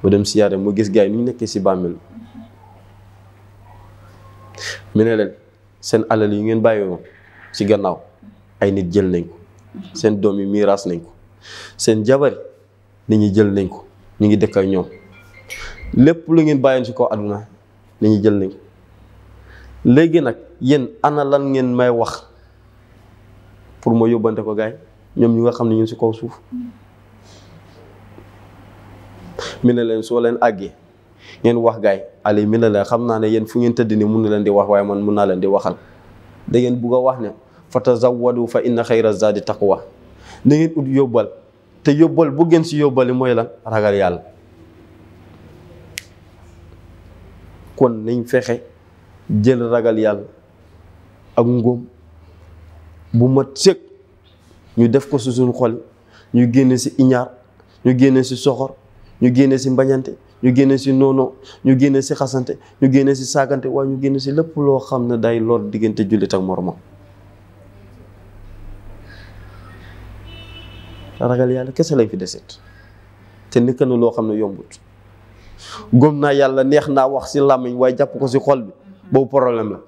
B: mu dem siyaare moo gis gaay yi ni ñu nekkee si bàmmeel mu ne leen seen alal yi ngeen bàyyi woon ci gannaaw ay nit jël nañ ko seen doom yi miiraas nañ ko seen jabar ni ñu jël nañ ko ñu ngi dëkk ak ñoom lépp lu ngeen bàyyoon si kaw àdduna nit ñi jël nañ ko léegi nag yéen ana lan ngeen may wax pour ma yóbbante ko gaay ñoom ñu nga xam ne ñu si kaw suuf mi ne leen soo leen àggee ngeen wax gaay ali mi ne leen xam naa ne yéen fu ngeen tëdd ni mun na leen di wax waaye man mun naa leen di waxal da ngeen bugg a wax ne fatazawwadu fa inna xayra zaadi taqwa da ngeen ut yóbbal te yóbbal bu ngeen ci yóbbali mooy la ragal yàlla kon nañ fexe jël ragal yàlla ak ngóom bu mat sëkk ñu def ko si suñu xol ñu génn si iñaar ñu génne ci soxor ñu génne si mbañante ñu génne si noonoo ñu génne si xasante ñu génne si saagante waaye ñu génne si lëpp loo xam ne day lool diggante jullit ak moromam ragal yàlla kese lañ fi deset te nekk na loo xam ne yombut gëm naa yàlla neex naa wax si làmmiñ waaye jàpp ko si xol bi boobu problème la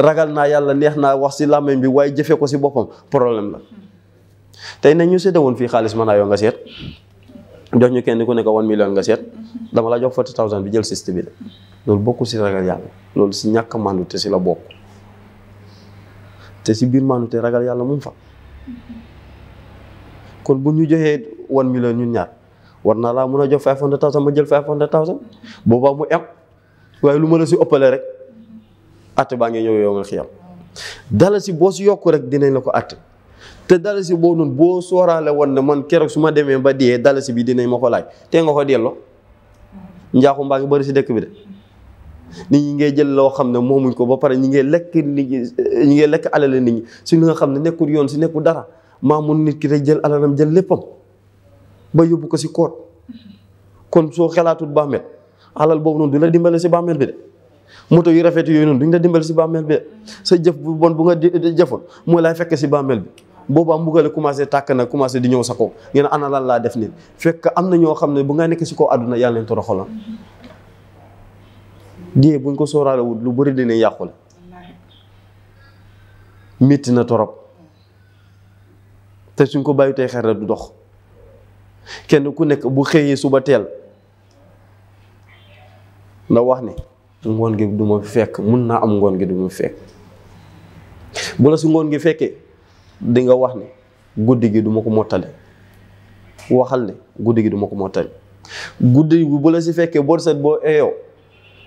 B: ragal naa yàlla neex naa wax si làmmiñ bi waaye jëfe ko si boppam problème la tey na ñu sedda woon fii xaalis mën naa yoo nga seet jox ñu kenn ku nekk one million nga seet dama la jox forty thousand bi jël sixty loolu bokkul si ragal yàlla loolu si ñàkk màndu te si la bokk te si biir màndu te ragal yàlla mu fa kon bu ñu joxee one million ñun ñaar war naa laa mun a jox five hundred thousand ma jël five hundred thousand boobaa mu em waaye lu ma la si ëppale rek atte baa ngi ñëw yow nga xiyam dala si boo yokk rek dinañ la ko atte te dalasi boobu noonu boo sooraale woon ne man keroog su ma demee ba dee dalasi bi dinañ ma ko laaj te nga ko delloo njaaxum mbaa ngi bëri si dëkk bi de nit ñi ngay jël loo xam ne moomuñ ko ba pare ñi ngay lekk nit ñi ngay lekk alal nit ñi si li nga xam ne nekkul yoon si nekkul dara maa nit ki rek jël alalam jël léppam ba yóbbu ko si koot kon soo xelaatul bàmmeel alal boobu noonu du la dimbale si bàmmeel bi de moto yu rafet yooyu noonu duñ la dimbale si bàmmeel bi de sa jëf bu bon bu nga jëfoon moo lay fekke si bàmmeel bi boobaa mbugal commencé tàkk na commencé di ñëw sa kaw ngeen ana laa def nii fekk am na ñoo xam ne bu nga nekk si ko àdduna yàlla leen toroxal buñ ko sóoraale wut lu bëri dina yàqu la na torop te suñ ko bàyyi tey xel du dox kenn ku nekk bu xëyee suba teel nda wax ni ngoon gi du fekk mun naa am ngoon gi du ma fekk bu la si ngoon gi fekkee di nga wax ne guddi gi duma ko mottale waxal ne guddi gi duma ko mottale guddi gi bu la si fekkee boo set boo eeyoo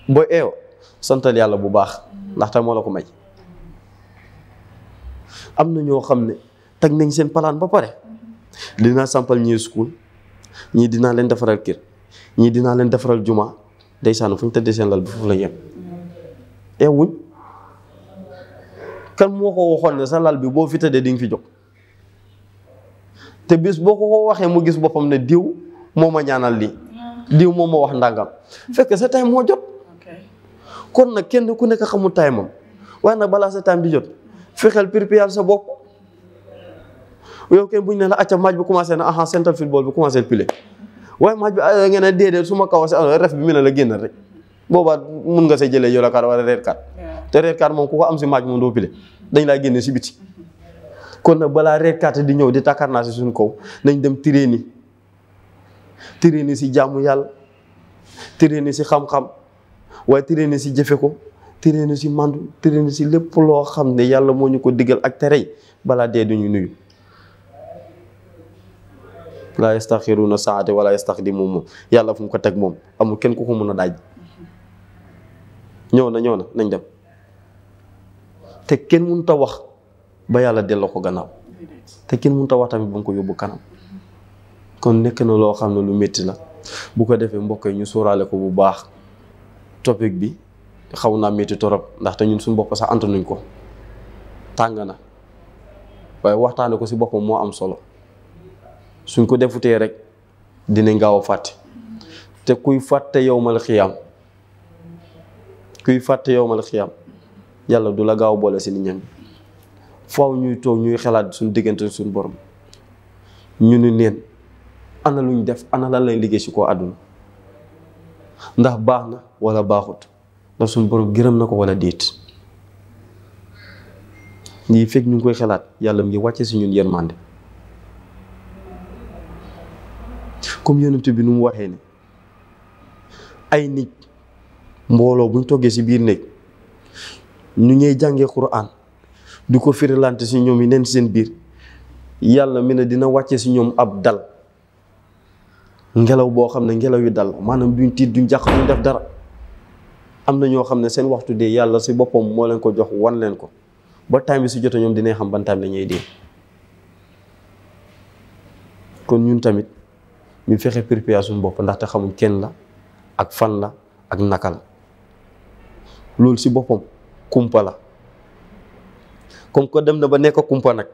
B: boo eeyoo santal yàlla bu baax ndaxte moo la ko may am na ñoo xam ne teg nañ seen palaan ba pare dinaa sampal ñii school ñii dinaa leen defaral kër ñii dinaa leen defaral juma ndeysaan fu ñu tëddee seen lal bi foofu la yem eewuñ kan moo ko waxoon ne sa lal bi boo fi tëddee di nga fi jóg te bis boo ko ko waxee mu gis boppam ne diw moo ma ñaanal lii diw moo ma wax ndàngam fekk sa time moo jot kon nag kenn ku nekk xamul time am waaye nag balaa sa time di jot fexeel prépare sa bopp yow kenn bu ñu ne la acca match bi commencé na aha central football bi commencé pile waaye match bi ah, ngeen ne déedéet su ma kaw a ref bi mu ne la génn boobaa mun nga sa jëlee yow la kaat reer kaat te red card moom ku ko am si match moom doo pile dañ laa génne si biti kon nag balaa red di ñëw di takkarnaa si suñu kaw nañ dem tiréeni tiréeni si jàmm yàlla tiréeni si xam-xam waaye tiréeni si jëfe ko tiréeni si mandu tiréeni si lépp loo xam ne yàlla moo ñu ko diggal ak terey balaa dee du ñu nuyu laa na saate wala yastaxdimu moom yàlla fu ko teg moom amul kenn ku ko mën a daaj ñëw na ñëw na nañ dem te kenn mënut a wax ba yàlla delloo ko gannaaw te kenn mënut a wax tamit ba nga ko yóbbu kanam kon nekk na loo xam ne lu métti la bu ko defee mbokk ñu sóoraale ko bu baax topic bi xaw naa métti torop ndaxte ñun suñ bopp sax antanuñ ko tàng na waaye waxtaane ko si boppam moo am solo suñ ko defutee rek dina gaaw a fàtte te kuy fàtte yow mal xiyaam kuy fàtte yow mal xiyaam yàlla du la gaaw boole si nit ñi ñuy toog ñuy xalaat suñu diggante suñu borom ñu ni neen ana luñ def ana lan lay liggéey si ko àdduna ndax baax na wala baaxut ndax suñu borom gërëm na ko wala déet lii fekk ñu ngi koy xalaat yàlla ngi wàcce si ñun yërmande comme yonent bi nu mu waxee ne ay nit mbooloo buñ toggee si biir néeg ñu ñuy jàngee Qur'an di ko firilante si ñoom yi neen seen biir yàlla mi ne dina wàcce si ñoom ab dal ngelaw boo xam ne ngelaw yu dal maanaam duñ tiit duñ jàq duñ def dara am na ñoo xam ne seen waxtu dee yàlla si boppam moo leen ko jox wan leen ko ba time bi si jotee ñoom dinañ xam ban time la dee kon ñun tamit ñu fexe préparer suñu bopp ndaxte xamul kenn la ak fan la ak naka la loolu si boppam kumpa la comme que dem na ba nekk kumpa nag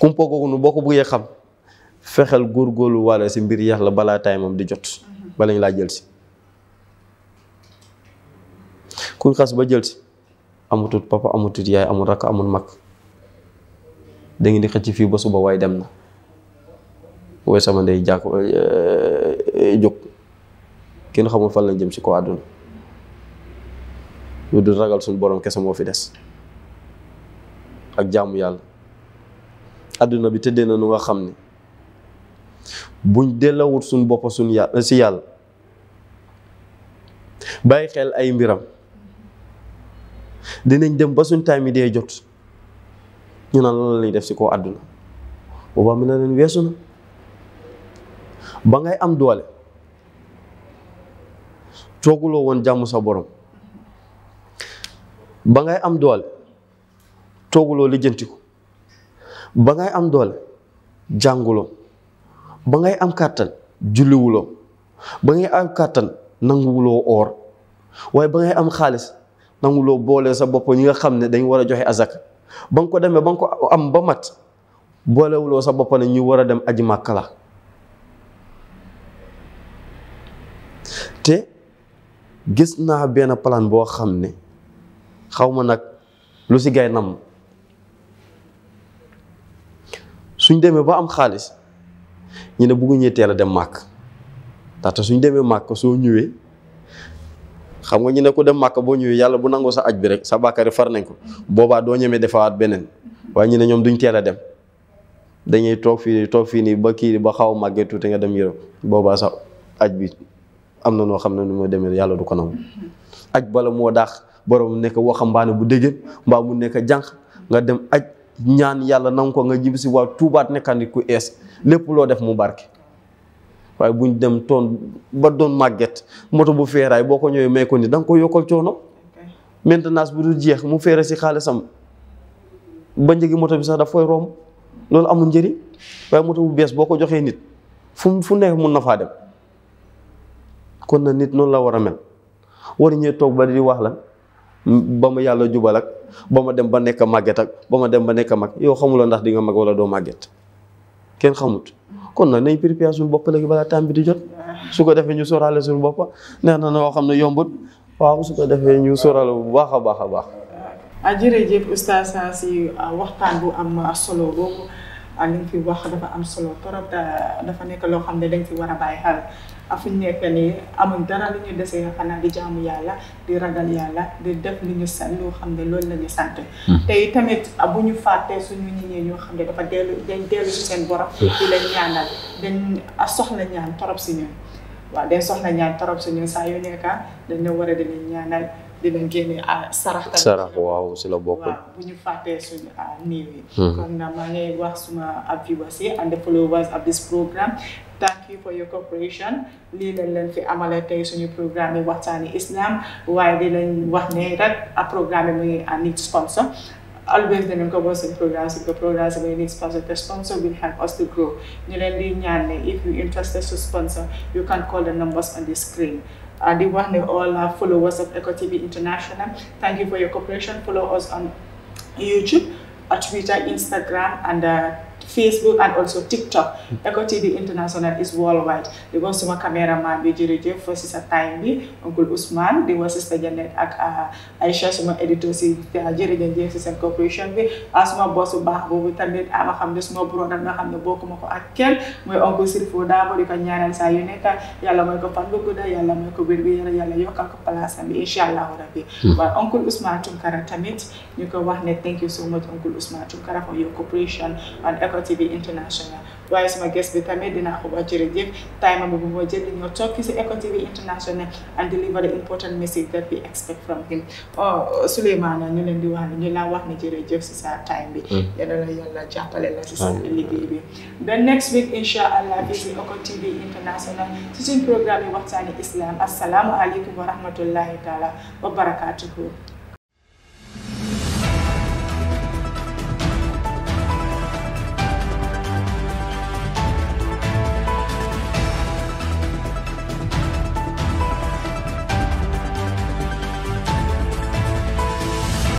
B: kumpa googu nu boo ko bëggee xam fexeel góorgóorlu wala si mbir yàlla balaa taay moom di jot balañ laa jël si kuñ xas ba jël si amutut papa amutut yaay amul rakk amul mag da di xëcc fii ba suba waaye dem na waaye sama ndey jàkk eh, eh, eh, jóg kenn xamul fan lañ jëm si ko àdduna yu dul ragal suñu borom kese moo fi des ak jaamu yàlla àdduna bi tëddee na nu nga xam ne buñ dellawut suñ bopp suñ yàlla si bàyyi xel ay mbiram dinañ dem ba suñ taam yi dee jot ñu naan lan lañuy def si koo àdduna boobaa mu ne leen weesu na ba ngay am doole tooguloo woon jàmm sa borom ba ngay am doole tooguloo lijjanti ko ba ngay am doole jànguloo ba ngay am kàttan julliwuloo ba ngay am kàttan nanguwuloo oor waaye ba ngay am xaalis nanguloo boole sa bopp ñi nga xam ne dañ war a joxe azaka ba nga ko demee ba nga ko am ba mat boolewuloo sa bopp ne ñu war a dem aji màkka te gis naa benn palaan boo xam ne xaw ma nag lu si gaay nam suñ demee ba am xaalis ñu ne bëgguñee teel a dem màkk ndaxte suñ demee màkk soo ñëwee xam nga ñu ne ko dem màkk boo ñëwee yàlla bu nangoo sa aj bi rek sa bàkkari far nañ ko boobaa doo ñemee defaat beneen waaye ñu ne ñoom duñ teel a dem dañuy toog fii toog fii nii ba kii ba xaw a màggee nga dem Europe boobaa sa aj bi am na noo xam ne nu ma demee yàlla du ko nangu aj bala moo daax borom nekk waxambaane bu dégg mbaa mu nekk jànq nga dem aj ñaan yàlla nangu ko nga jib si waa tuubaat nekkandi ees lépp loo def mu barke waaye buñ dem ton ba doon màgget moto bu feeraay boo ko ñëwee may ko ni da nga ko yokkal coono maintenance bu dul jeex mu feere si xaalisam ba njëgi moto bi sax daf koy romb loolu amul njëriñ waaye moto bu bees boo ko joxee nit fu fu nekk mun na faa dem kon na nit noonu la war a mel waruñee toog ba di wax la ba ma yàlla jubal ak ba ma dem ba nekk màgget ak ba ma dem ba nekk mag yow xamuloo ndax di nga mag wala doo màgget kenn xamut kon nag nañ préparé suñu bopp léegi balaa temps bi di jot su ko defee ñu sóoraale suñu bopp neex na noo xam ne yombut waaw su ko defee ñu sóoraale bu baax a baax a baax.
A: Ah, jërëjëf oustaz si ah, waxtaan bu am solo boobu li nga fi wax dafa ah, loo xam ne dañ fi war a bàyyi xel. fu ñu nekk nii amuñ dara lu ñu desee xanaa di jaamu yàlla di ragal yàlla di def lu ñu sant loo xam ne loolu la ñu sant. Hmm. te tamit ah, bu ñu fàttee suñu nit ñoo xam ne dafa dellu dañ dellu seen borom. Hmm. di leen ñaanal dañ ah, soxla ñaan torop si ñun. waaw dañ soxla ñaan torop si ñun saa yu nekk ah, dañ la war a di leen ñaanal di leen génne sarax.
B: waaw si la bokk.
A: bu ñu fàttee suñu néew yi. Hmm. kon nag maa ngi wax suma viewers yi and followers of this programme. thank you for your cooperation lii lañ leen fi amale tey suñu programme yi waxtaani islam waaye di leen wax ne rek a programme mu ngi need sponsor always danañ ko wax suñu programme suñ programme si need sponsor te sponsor will help us to grow ñu leen di ñaan ne if you interested to sponsor you can call the numbers on the screen di wax ne all our followers of Eco TV International thank you for your cooperation follow us on YouTube, Twitter, Instagram uh, Facebook and also TikTok. Eco TV International is worldwide. di woon suma caméraman bi jërëjëf si sa time bi oncle Ousmane di woon sister Janet ak ah, Aïcha suma édito si ah, jërëjëf si seen corporation bi ah, suma boss bu baax boobu tamit ama xam ne suma broda nga xam ne bokkuma ko ak kenn mooy oncle Sirifo Dabo di ko ñaanal saa yu nekk yàlla mooy ko fan bu mooy ko wér bi yàlla yàlla ko place am bi incha allahu rabbi hmm. waaye oncle Ousmane Tunkara tamit ñu ko wax ne thank you so much oncle Ousmane Tunkara for Habiba International waaye suma guest bi tamit dinaa ko wax jërëjëf time bi bu ma jël ñoo toog ci Eco TV International and deliver the important message that we expect from him oh Souleymane ñu leen di wax ne ñu la wax ne jërëjëf si sa time bi hmm. yàlla la yàlla jàppale la si sa liggéey bi the next week insha allah bi si Eco TV International si suñ programme yi waxtaani islam assalaamu aleykum wa rahmatullahi taala